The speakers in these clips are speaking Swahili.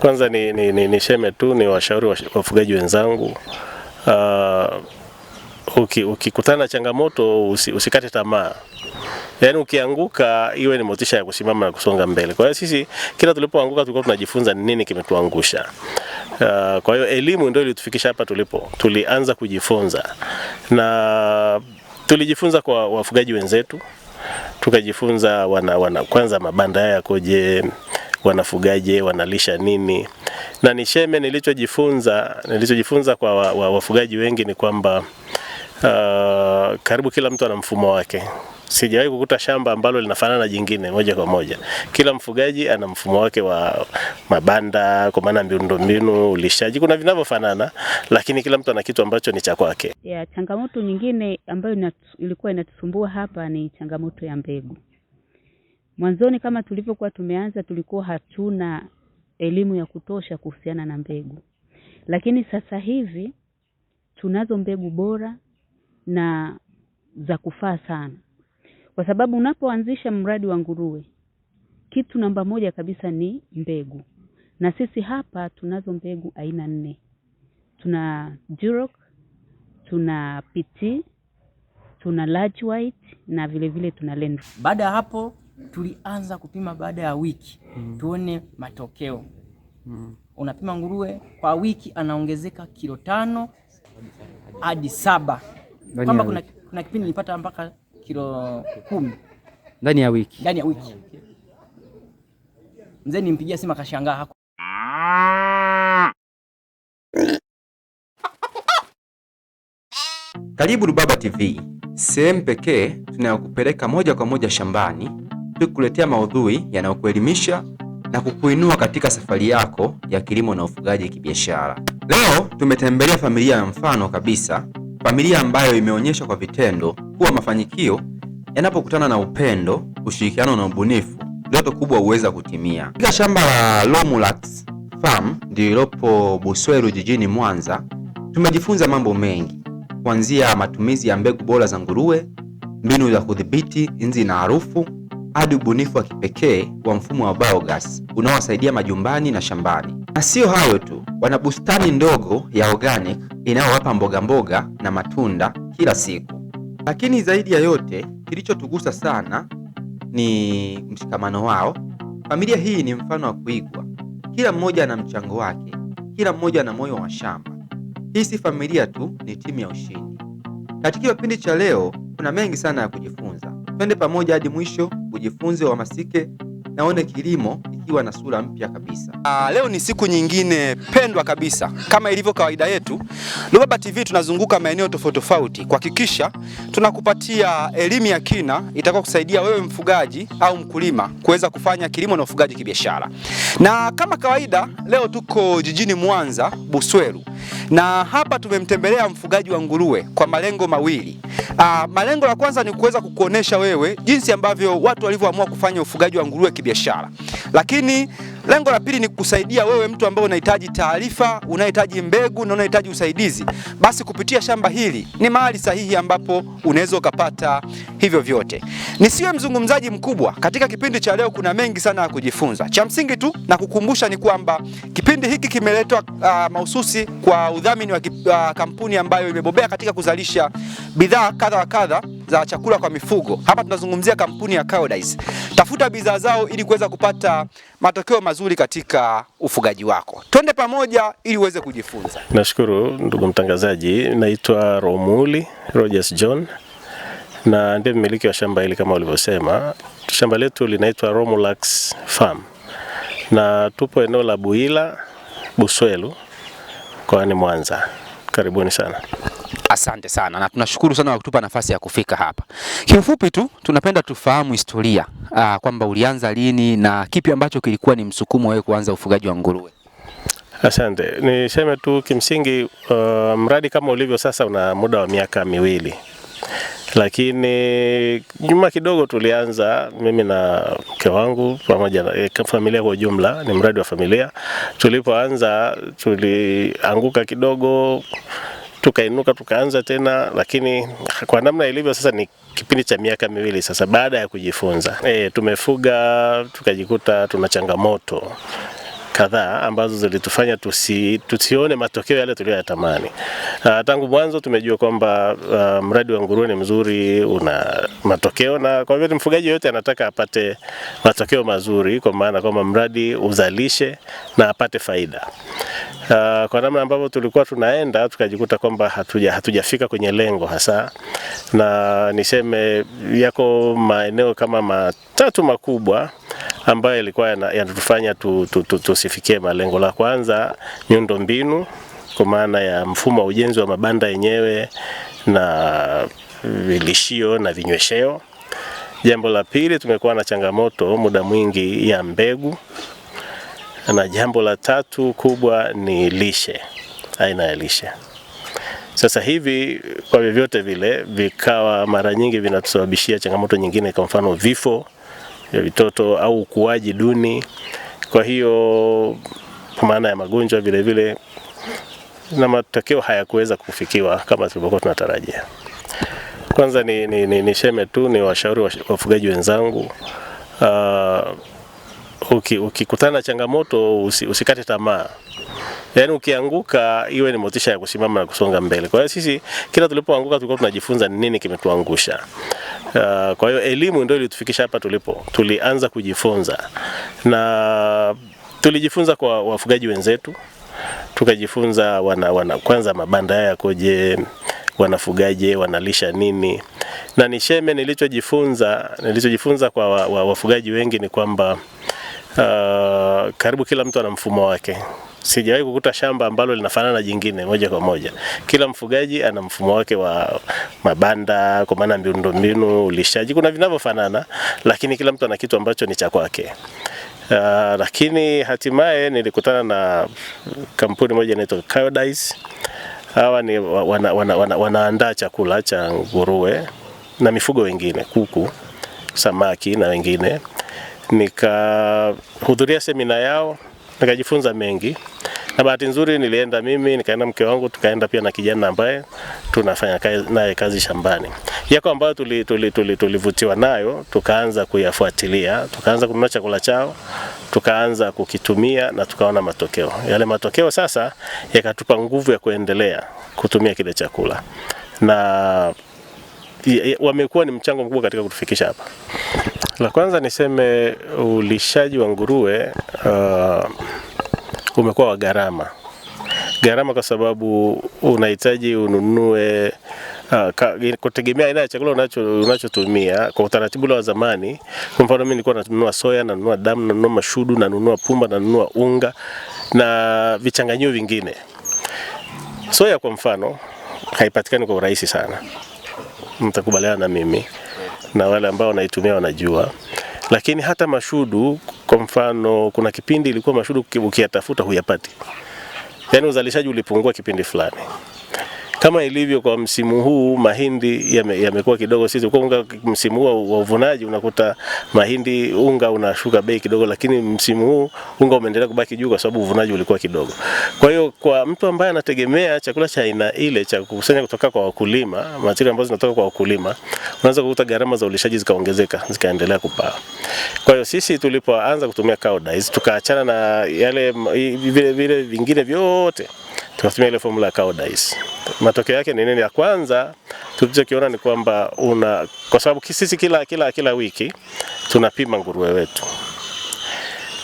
Kwanza ni, ni, ni, niseme tu ni washauri wafugaji wenzangu uh, ukikutana uki na changamoto usi, usikate tamaa yaani ukianguka iwe ni motisha ya kusimama na kusonga mbele. Kwa hiyo sisi kila tulipoanguka tulikuwa tunajifunza ni nini kimetuangusha. Uh, kwa hiyo elimu ndio ilitufikisha hapa tulipo, tulianza kujifunza na tulijifunza kwa wafugaji wenzetu, tukajifunza wana, wana kwanza mabanda yakoje wanafugaje, wanalisha nini. Na sheme nilichojifunza nilichojifunza kwa wa, wa, wafugaji wengi ni kwamba uh, karibu kila mtu ana mfumo wake. Sijawahi kukuta shamba ambalo linafanana na jingine moja kwa moja. Kila mfugaji ana mfumo wake wa mabanda, kwa maana miundombinu, ulishaji, kuna vinavyofanana, lakini kila mtu ana kitu ambacho ni cha kwake. Yeah, changamoto nyingine ambayo ilikuwa inatusumbua hapa ni changamoto ya mbegu. Mwanzoni kama tulivyokuwa tumeanza, tulikuwa hatuna elimu ya kutosha kuhusiana na mbegu, lakini sasa hivi tunazo mbegu bora na za kufaa sana, kwa sababu unapoanzisha mradi wa nguruwe, kitu namba moja kabisa ni mbegu, na sisi hapa tunazo mbegu aina nne. Tuna Duroc, tuna PT, tuna Large White na vile vile tuna Land. Baada ya hapo tulianza kupima baada ya wiki mm. tuone matokeo mm. unapima nguruwe kwa wiki anaongezeka kilo tano hadi saba kwamba kuna, kuna kipindi nilipata mpaka kilo kumi ndani ya wiki, ndani ya wiki. Mzee nimpigia simu akashangaa hako Karibu Rubaba TV, sehemu pekee tunayokupeleka moja kwa moja shambani kukuletea maudhui yanayokuelimisha na kukuinua katika safari yako ya kilimo na ufugaji kibiashara. Leo tumetembelea familia ya mfano kabisa, familia ambayo imeonyesha kwa vitendo kuwa mafanikio yanapokutana na upendo, ushirikiano na ubunifu, ndoto kubwa huweza kutimia. Katika shamba la Lomulax Farm lililopo Busweru jijini Mwanza, tumejifunza mambo mengi, kuanzia matumizi ya mbegu bora za nguruwe, mbinu za kudhibiti nzi na harufu hadi ubunifu wa kipekee wa mfumo wa biogas unaowasaidia majumbani na shambani. Na sio hayo tu, wana bustani ndogo ya organic inayowapa mbogamboga na matunda kila siku. Lakini zaidi ya yote, kilichotugusa sana ni mshikamano wao. Familia hii ni mfano wa kuigwa, kila mmoja ana mchango wake, kila mmoja ana moyo wa shamba. Hii si familia tu, ni timu ya ushindi. Katika kipindi cha leo kuna mengi sana ya kujifunza. Twende pamoja hadi mwisho ujifunze, masike naone kilimo ikiwa na sura mpya kabisa. Aa, ah, leo ni siku nyingine pendwa kabisa, kama ilivyo kawaida yetu, Rubaba TV tunazunguka maeneo tofauti tofauti kuhakikisha tunakupatia elimu ya kina itakuwa kusaidia wewe mfugaji au mkulima kuweza kufanya kilimo na ufugaji kibiashara. Na kama kawaida leo tuko jijini Mwanza Busweru, na hapa tumemtembelea mfugaji wa nguruwe kwa malengo mawili. Aa, ah, malengo ya kwanza ni kuweza kukuonesha wewe jinsi ambavyo watu walivyoamua kufanya ufugaji wa nguruwe kibiashara, lakini lengo la pili ni kusaidia wewe mtu ambaye unahitaji taarifa, unahitaji mbegu na unahitaji usaidizi, basi kupitia shamba hili ni mahali sahihi ambapo unaweza ukapata hivyo vyote. Nisiwe mzungumzaji mkubwa katika kipindi cha leo, kuna mengi sana ya kujifunza. Cha msingi tu na kukumbusha ni kwamba kipindi hiki kimeletwa uh, mahususi kwa udhamini wa uh, kampuni ambayo imebobea katika kuzalisha bidhaa kadha wa kadha za chakula kwa mifugo. Hapa tunazungumzia kampuni ya Cowdice kutafuta bidhaa zao ili kuweza kupata matokeo mazuri katika ufugaji wako. Twende pamoja ili uweze kujifunza. Nashukuru ndugu mtangazaji, naitwa Romuli Rogers John na ndiye mmiliki wa shamba hili. Kama ulivyosema, shamba letu linaitwa Romulax Farm na tupo eneo la Buila Buswelu mkoani Mwanza. Karibuni sana. Asante sana na tunashukuru sana kwa kutupa nafasi ya kufika hapa. Kiufupi tu tunapenda tufahamu historia uh, kwamba ulianza lini na kipi ambacho kilikuwa ni msukumo wewe kuanza ufugaji wa nguruwe. Asante, niseme tu kimsingi, uh, mradi kama ulivyo sasa una muda wa miaka miwili, lakini nyuma kidogo tulianza mimi na mke wangu pamoja na eh, familia kwa ujumla. Ni mradi wa familia. Tulipoanza tulianguka kidogo tukainuka tukaanza tena, lakini kwa namna ilivyo sasa ni kipindi cha miaka miwili sasa baada ya kujifunza. E, tumefuga tukajikuta tuna changamoto kadhaa ambazo zilitufanya tusi, tusione matokeo yale tuliyoyatamani. Uh, tangu mwanzo tumejua kwamba uh, mradi wa nguruwe ni mzuri, una matokeo, na kwa hivyo mfugaji yote anataka apate matokeo mazuri, kwa maana kwamba mradi uzalishe na apate faida. Uh, kwa namna ambavyo tulikuwa tunaenda tukajikuta kwamba hatuja hatujafika kwenye lengo hasa, na niseme yako maeneo kama matatu makubwa ambayo yalikuwa yanatufanya tu, tu, tu, tusifikie malengo. La kwanza miundo mbinu kwa maana ya mfumo wa ujenzi wa mabanda yenyewe na vilishio na vinywesheo. Jambo la pili, tumekuwa na changamoto muda mwingi ya mbegu, na jambo la tatu kubwa ni lishe, aina ya lishe. Sasa hivi kwa vyovyote vile vikawa mara nyingi vinatusababishia changamoto nyingine, kwa mfano vifo ya vitoto au ukuaji duni. Kwa hiyo kwa maana ya magonjwa vile vile na matokeo hayakuweza kufikiwa kama tulivyokuwa tunatarajia. Kwanza ni, ni, ni, niseme tu ni washauri wafugaji wenzangu uh, ukikutana uki na changamoto usi, usikate tamaa yaani ukianguka iwe ni motisha ya kusimama na kusonga mbele. Kwa hiyo sisi kila tulipoanguka tulikuwa tunajifunza ni nini kimetuangusha. Uh, kwa hiyo elimu ndio ilitufikisha hapa tulipo. Tulianza kujifunza na tulijifunza kwa wafugaji wenzetu, tukajifunza wana, wana, kwanza mabanda haya koje, wanafugaje, wanalisha nini, na nisheme nilichojifunza nilichojifunza kwa wa, wa, wafugaji wengi ni kwamba uh, karibu kila mtu ana mfumo wake. Sijawahi kukuta shamba ambalo linafanana na jingine moja kwa moja. Kila mfugaji ana mfumo wake wa mabanda, kwa maana miundombinu, ulishaji, kuna vinavyofanana, lakini kila mtu ana kitu ambacho ni cha kwake. Uh, lakini hatimaye nilikutana na kampuni moja inaitwa Coyodyce. Hawa ni wanaandaa wana, wana, wana chakula cha nguruwe na mifugo wengine, kuku, samaki na wengine nikahudhuria semina yao nikajifunza mengi, na bahati nzuri nilienda mimi, nikaenda mke wangu, tukaenda pia na kijana ambaye tunafanya kazi, naye kazi shambani. Yako ambayo tulivutiwa tuli, tuli, tuli nayo tukaanza kuyafuatilia, tukaanza kununua chakula chao, tukaanza kukitumia na tukaona matokeo. Yale matokeo sasa yakatupa nguvu ya kuendelea kutumia kile chakula na wamekuwa ni mchango mkubwa katika kutufikisha hapa. La kwanza niseme ulishaji wa nguruwe uh, umekuwa wa gharama gharama, kwa sababu unahitaji ununue uh, kutegemea aina ya chakula unacho unachotumia. Kwa utaratibu wa zamani, kwa mfano mimi nilikuwa natumia soya, nanunua damu, nanunua mashudu, nanunua pumba, nanunua unga na vichanganyio vingine. Soya kwa mfano haipatikani kwa urahisi sana mtakubaliana na mimi na wale ambao wanaitumia wanajua, lakini hata mashudu, kwa mfano, kuna kipindi ilikuwa mashudu ukiyatafuta huyapati, yaani uzalishaji ulipungua kipindi fulani. Kama ilivyo kwa msimu huu mahindi yamekuwa me, ya kidogo sisi kwa unga msimu huu wa uvunaji unakuta mahindi unga unashuka bei kidogo, lakini msimu huu unga umeendelea kubaki juu kwa sababu uvunaji ulikuwa kidogo. Kwa hiyo kwa mtu ambaye anategemea chakula cha aina ile cha kukusanya kutoka kwa wakulima, matiri ambazo zinatoka kwa wakulima, unaanza kukuta gharama za ulishaji zikaongezeka zikaendelea kupaa. Kwa hiyo sisi tulipoanza kutumia cow dies tukaachana na yale vile vile vingine vyote tukatumia ile formula ya cow Matokeo yake ni nini? Ya kwanza tulichokiona ni kwamba una, kwa sababu sisi kila, kila, kila wiki tunapima nguruwe wetu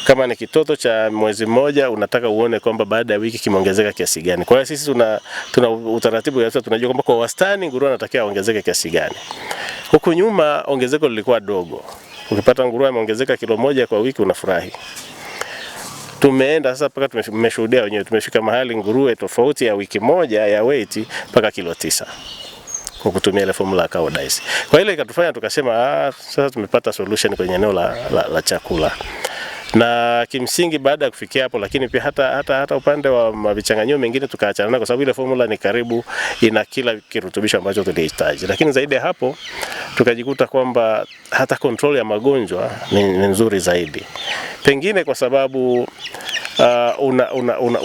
kama ni kitoto cha mwezi mmoja unataka uone kwamba baada ya wiki kimeongezeka kiasi gani. Kwa hiyo sisi tuna, tuna utaratibu ya tunajua kwamba kwa wastani nguruwe anatakiwa aongezeke kiasi gani. Huku nyuma ongezeko lilikuwa dogo, ukipata nguruwe ameongezeka kilo moja kwa wiki unafurahi tumeenda sasa mpaka tumeshuhudia wenyewe, tumefika mahali nguruwe tofauti ya wiki moja ya weight mpaka kilo tisa kwa kutumia ile formula ya Koudijs. Kwa ile ikatufanya tukasema, ah, sasa tumepata solution kwenye eneo la, la, la chakula na kimsingi baada ya kufikia hapo, lakini pia hata, hata, hata upande wa mavichanganyio mengine tukaachana kwa sababu ile formula ni karibu ina kila kirutubisho ambacho tulihitaji. Lakini zaidi ya hapo tukajikuta kwamba hata control ya magonjwa ni, ni nzuri zaidi, pengine kwa sababu Uh,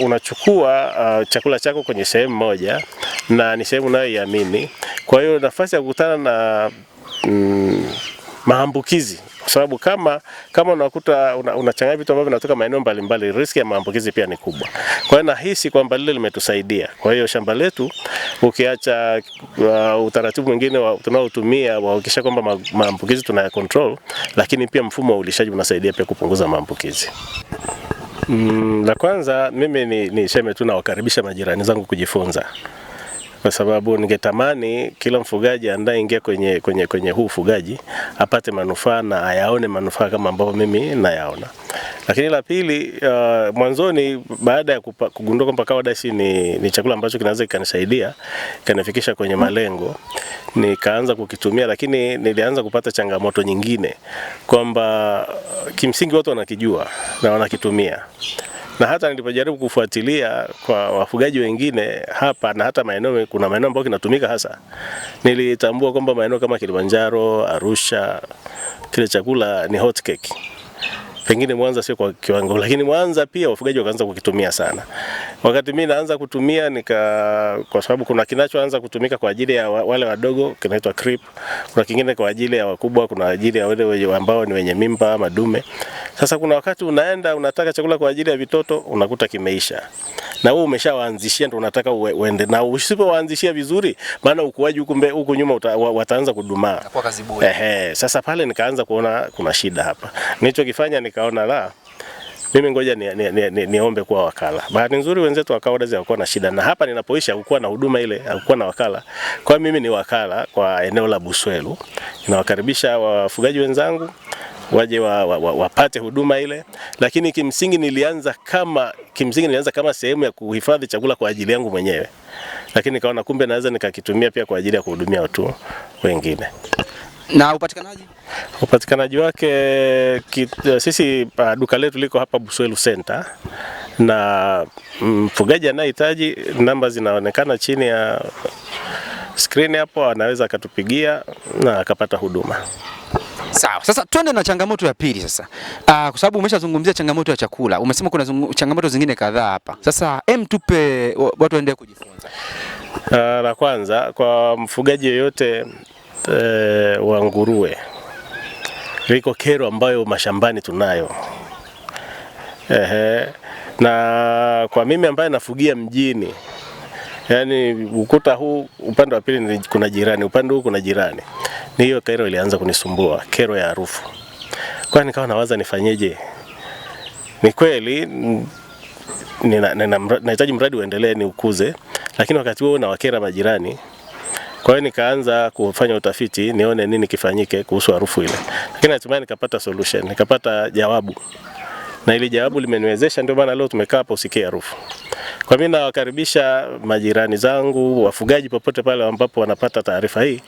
unachukua una, una uh, chakula chako kwenye sehemu moja na ni sehemu unayoiamini. Kwa hiyo nafasi ya kukutana na mm, maambukizi kwa sababu kama kama unakuta unachanganya una vitu ambavyo vinatoka maeneo mbalimbali, riski ya maambukizi pia ni kubwa. Kwa hiyo nahisi kwamba lile limetusaidia. Kwa hiyo shamba letu ukiacha uh, utaratibu mwingine tunaotumia wahakikisha kwamba maambukizi tunaya control, lakini pia mfumo wa ulishaji unasaidia pia kupunguza maambukizi. Mm, la kwanza mimi niseme ni tu nawakaribisha majirani zangu kujifunza kwa sababu ningetamani kila mfugaji anayeingia kwenye, kwenye, kwenye huu ufugaji apate manufaa na ayaone manufaa kama ambavyo mimi nayaona. Lakini la pili, uh, mwanzoni baada ya kugundua kwamba kawa dashi ni, ni chakula ambacho kinaweza kikanisaidia kanifikisha kwenye malengo, nikaanza kukitumia, lakini nilianza kupata changamoto nyingine kwamba kimsingi watu wanakijua na wanakitumia na hata nilipojaribu kufuatilia kwa wafugaji wengine hapa na hata maeneo, kuna maeneo ambayo kinatumika hasa, nilitambua kwamba maeneo kama Kilimanjaro, Arusha, kile chakula ni hot cake. Pengine Mwanza sio kwa kiwango, lakini Mwanza pia wafugaji wakaanza kukitumia sana. Wakati mimi naanza kutumia nika, kwa sababu kuna kinachoanza kutumika kwa ajili ya wale wadogo kinaitwa creep, kuna kingine kwa ajili ya wakubwa, kuna ajili ya wale ambao ni wenye mimba madume. Sasa kuna wakati unaenda unataka chakula kwa ajili ya vitoto unakuta kimeisha, na wewe umeshawaanzishia ndio unataka uende, na usipowaanzishia vizuri, maana ukuaji huku huku nyuma uta, wataanza kudumaa. Ehe, sasa pale nikaanza kuona kuna shida hapa. Nilichokifanya nikaona la mimi ngoja ni, ni, ni, ni, ni kuwa wakala. Bahati nzuri wenzetu wakawa dazi hawakuwa na shida, na hapa ninapoishi hakukuwa na huduma ile, hakukuwa na wakala. Kwa mimi ni wakala kwa eneo la Buswelu, ninawakaribisha wafugaji wenzangu waje wa, wa, wa, wapate huduma ile, lakini kimsingi nilianza kama kimsingi nilianza kama sehemu ya kuhifadhi chakula kwa ajili yangu mwenyewe, lakini nikaona kumbe naweza nikakitumia pia kwa ajili ya kuhudumia watu wengine. Na upatikanaji upatikanaji wake kit, sisi duka letu liko hapa Buswelu Center na mfugaji anayehitaji namba zinaonekana chini ya screen hapo, anaweza akatupigia na akapata huduma. Sawa. Sasa twende na changamoto ya pili sasa. Ah, kwa sababu umeshazungumzia changamoto ya chakula. Umesema kuna changamoto zingine kadhaa hapa. Sasa em, tupe watu waendelee kujifunza. Uh, la kwanza kwa mfugaji yeyote uh, eh, wa nguruwe liko kero ambayo mashambani tunayo. Ehe. Na kwa mimi ambaye nafugia mjini, yani ukuta huu upande wa pili kuna jirani, upande huu kuna jirani ni hiyo kero ilianza kunisumbua, kero ya harufu. Kwa nikawa nawaza nifanyeje? Ni kweli nahitaji mradi uendelee ni ukuze, lakini wakati huo nawakera majirani. Kwa hiyo nikaanza kufanya utafiti nione nini kifanyike kuhusu harufu ile, lakini hatimaye nikapata solution, nikapata jawabu, na ili jawabu limeniwezesha, ndio maana leo tumekaa hapa usikie harufu. Kwa mimi nawakaribisha majirani zangu, wafugaji popote pale ambapo wanapata taarifa hii,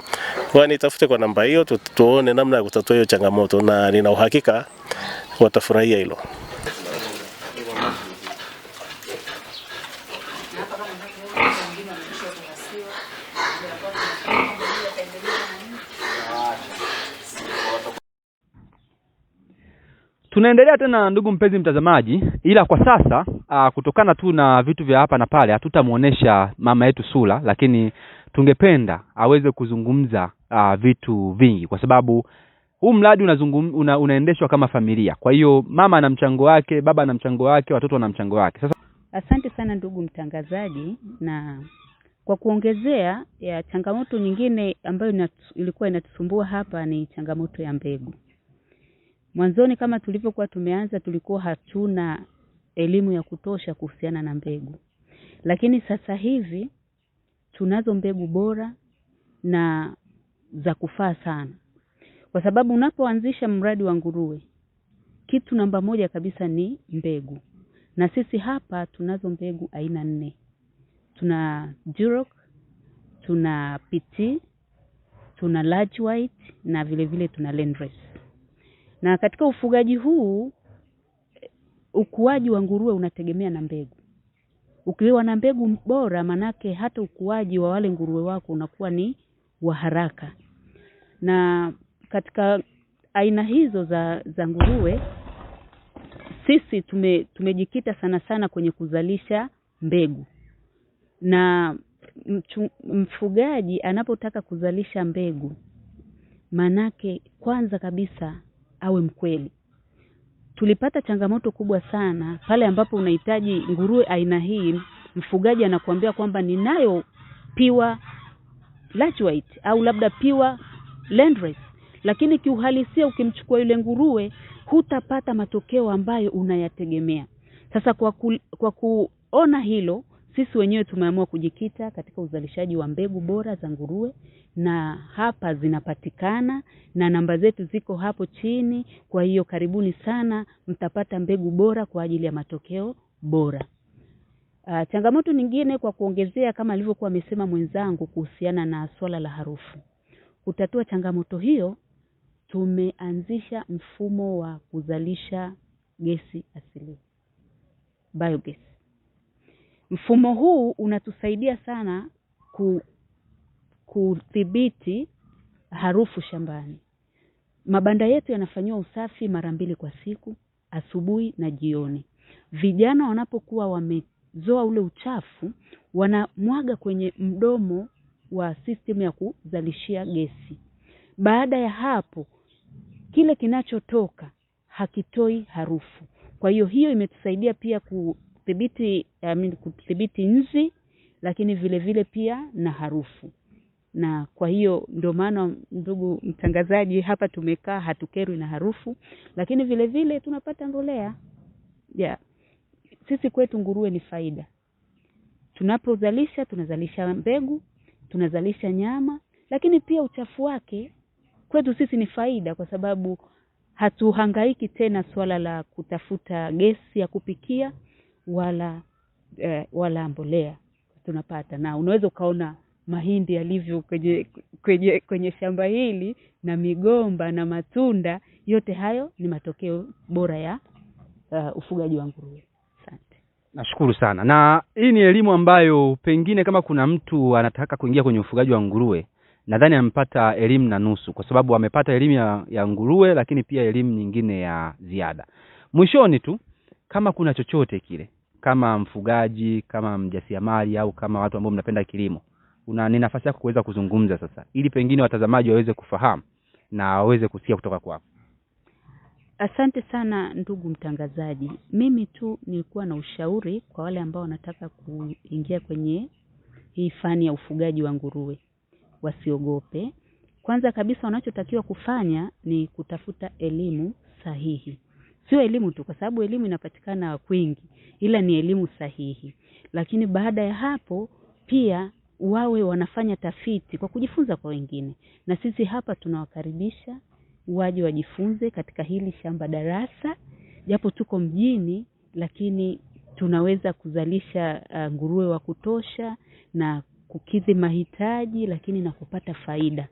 wanitafute kwa namba hiyo, tuone namna ya kutatua hiyo changamoto, na nina uhakika watafurahia hilo. Tunaendelea tena ndugu mpenzi mtazamaji, ila kwa sasa aa, ah, kutokana tu na vitu vya hapa na pale hatutamwonyesha mama yetu sula lakini tungependa aweze kuzungumza aa, ah, vitu vingi, kwa sababu huu mradi una, unaendeshwa kama familia. Kwa hiyo mama ana mchango wake, baba ana mchango wake, watoto wana mchango wake. Sasa asante sana ndugu mtangazaji, na kwa kuongezea ya changamoto nyingine ambayo ilikuwa inatusumbua hapa ni changamoto ya mbegu Mwanzoni kama tulivyokuwa tumeanza tulikuwa hatuna elimu ya kutosha kuhusiana na mbegu. Lakini sasa hivi tunazo mbegu bora na za kufaa sana. Kwa sababu unapoanzisha mradi wa nguruwe, kitu namba moja kabisa ni mbegu. Na sisi hapa tunazo mbegu aina nne. Tuna Duroc, tuna PT, tuna Large White na vile vile tuna Landrace. Na katika ufugaji huu ukuaji wa nguruwe unategemea na mbegu. Ukiwa na mbegu bora, manake hata ukuaji wa wale nguruwe wako unakuwa ni wa haraka. Na katika aina hizo za za nguruwe sisi tume, tumejikita sana sana kwenye kuzalisha mbegu na mchu, mfugaji anapotaka kuzalisha mbegu manake kwanza kabisa awe mkweli. Tulipata changamoto kubwa sana pale ambapo unahitaji nguruwe aina hii, mfugaji anakuambia kwamba ninayo piwa Large white au labda piwa landrace, lakini kiuhalisia ukimchukua yule nguruwe hutapata matokeo ambayo unayategemea. Sasa kwa, ku, kwa kuona hilo sisi wenyewe tumeamua kujikita katika uzalishaji wa mbegu bora za nguruwe na hapa zinapatikana na namba zetu ziko hapo chini. Kwa hiyo karibuni sana, mtapata mbegu bora kwa ajili ya matokeo bora. Uh, changamoto nyingine kwa kuongezea, kama alivyokuwa amesema mwenzangu kuhusiana na swala la harufu, kutatua changamoto hiyo tumeanzisha mfumo wa kuzalisha gesi asilia, biogesi. Mfumo huu unatusaidia sana ku, kudhibiti harufu shambani. Mabanda yetu yanafanyiwa usafi mara mbili kwa siku, asubuhi na jioni. Vijana wanapokuwa wamezoa ule uchafu, wanamwaga kwenye mdomo wa system ya kuzalishia gesi. Baada ya hapo, kile kinachotoka hakitoi harufu. Kwa hiyo hiyo imetusaidia pia ku, kudhibiti kudhibiti nzi lakini vile vile pia na harufu na kwa hiyo ndio maana ndugu mtangazaji hapa tumekaa hatukerwi na harufu lakini vile vile tunapata mbolea yeah. sisi kwetu nguruwe ni faida tunapozalisha tunazalisha mbegu tunazalisha nyama lakini pia uchafu wake kwetu sisi ni faida kwa sababu hatuhangaiki tena swala la kutafuta gesi ya kupikia wala eh, wala mbolea tunapata, na unaweza ukaona mahindi yalivyo kwenye, kwenye, kwenye shamba hili na migomba na matunda yote hayo ni matokeo bora ya uh, ufugaji wa nguruwe. Asante, nashukuru sana. Na hii ni elimu ambayo pengine kama kuna mtu anataka kuingia kwenye ufugaji wa nguruwe, nadhani amepata elimu na nusu, kwa sababu amepata elimu ya, ya nguruwe, lakini pia elimu nyingine ya ziada. Mwishoni tu kama kuna chochote kile, kama mfugaji, kama mjasiriamali au kama watu ambao mnapenda kilimo, una ni nafasi yako kuweza kuzungumza sasa, ili pengine watazamaji waweze kufahamu na waweze kusikia kutoka kwako. Asante sana ndugu mtangazaji. Mimi tu nilikuwa na ushauri kwa wale ambao wanataka kuingia kwenye hii fani ya ufugaji wa nguruwe, wasiogope. Kwanza kabisa, wanachotakiwa kufanya ni kutafuta elimu sahihi sio elimu tu, kwa sababu elimu inapatikana kwingi, ila ni elimu sahihi. Lakini baada ya hapo pia wawe wanafanya tafiti kwa kujifunza kwa wengine, na sisi hapa tunawakaribisha waje wajifunze katika hili shamba darasa. Japo tuko mjini, lakini tunaweza kuzalisha uh, nguruwe wa kutosha na kukidhi mahitaji, lakini na kupata faida.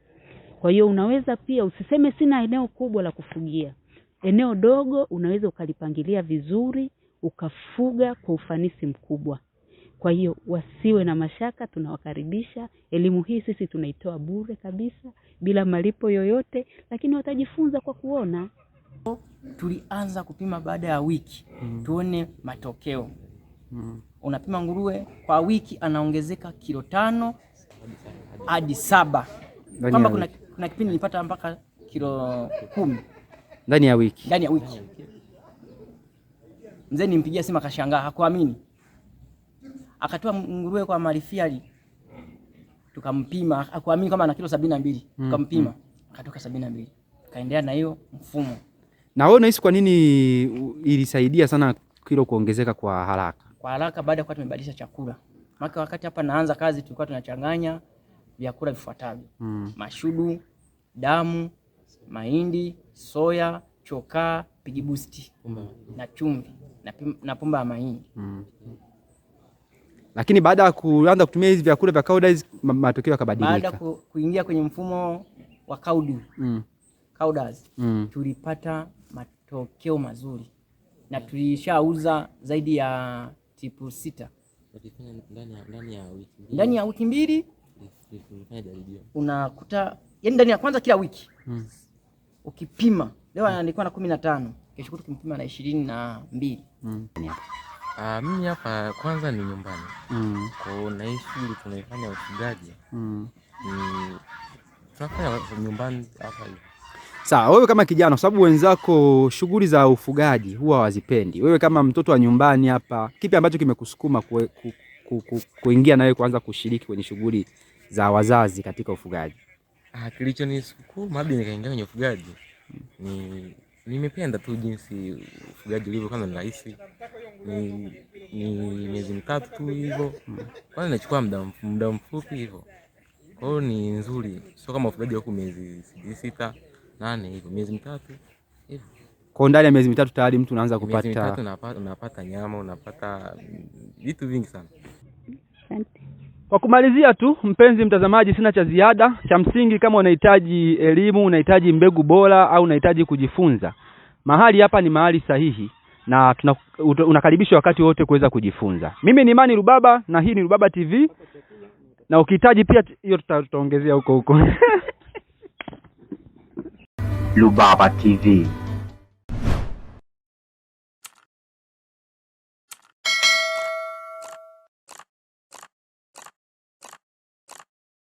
Kwa hiyo unaweza pia usiseme sina eneo kubwa la kufugia. Eneo dogo unaweza ukalipangilia vizuri, ukafuga kwa ufanisi mkubwa. Kwa hiyo wasiwe na mashaka, tunawakaribisha. Elimu hii sisi tunaitoa bure kabisa bila malipo yoyote, lakini watajifunza kwa kuona. Tulianza kupima baada ya wiki mm. tuone matokeo mm. Unapima nguruwe kwa wiki anaongezeka kilo tano hadi saba, kwamba kuna, kuna kipindi nilipata mpaka kilo kumi ndani ya wiki, ndani ya wiki. Mzee nimpigia simu akashangaa, hakuamini, akatoa nguruwe kwa marifiali, tukampima, hakuamini kama ana kilo sabini na mbili mm, tukampima mm, mm. akatoka sabini na mbili kaendelea na hiyo mfumo. Na wewe unahisi kwa nini ilisaidia sana kilo kuongezeka kwa haraka, kwa haraka baada ya kuwa tumebadilisha chakula? Maana wakati hapa naanza kazi tulikuwa tunachanganya vyakula vifuatavyo mm. mashudu, damu mahindi, soya, chokaa, pigibusti na chumvi na, na pumba ya mahindi mm. Lakini baada ya kuanza kutumia hizi vyakula vya Koudijs matokeo yakabadilika. Baada ku, kuingia kwenye mfumo wa Koudijs mm. Koudijs mm. tulipata matokeo mazuri na tulishauza zaidi ya tipu sita ndani ya wiki mbili, unakuta yani ndani ya kwanza kila wiki mm ukipima leo anaandikwa na kumi na tano kesho kutu kimpima na ishirini na mbili ah, mimi hapa kwanza ni nyumbani mm. Kwa na hii shughuli tunaifanya ufugaji mm. ni tunafanya nyumbani hapa hivi. Sawa, wewe kama kijana, kwa sababu wenzako shughuli za ufugaji huwa wazipendi, wewe kama mtoto wa nyumbani hapa, kipi ambacho kimekusukuma kuingia ku, ku, ku, ku, na wewe kuanza kushiriki kwenye shughuli za wazazi katika ufugaji? Ah, kilicho nisukuma labda nikaingia kwenye ufugaji ni nimependa tu jinsi ufugaji ulivyo, kwanza ni rahisi, ni miezi mitatu tu hivyo, kwanza inachukua muda mfupi hivyo, kwa hiyo ni nzuri, sio kama ufugaji wako miezi sita nane hivyo, miezi mitatu hivyo. Kwa ndani ya miezi mitatu tayari mtu unaanza kupata miezi mitatu unapata nyama, unapata vitu vingi sana. Asante. Kwa kumalizia tu mpenzi mtazamaji, sina cha ziada. Cha msingi, kama unahitaji elimu, unahitaji mbegu bora, au unahitaji kujifunza, mahali hapa ni mahali sahihi, na unakaribishwa wakati wote kuweza kujifunza. Mimi ni Imani Rubaba na hii ni Rubaba TV, na ukihitaji pia hiyo tutaongezea huko huko Rubaba TV.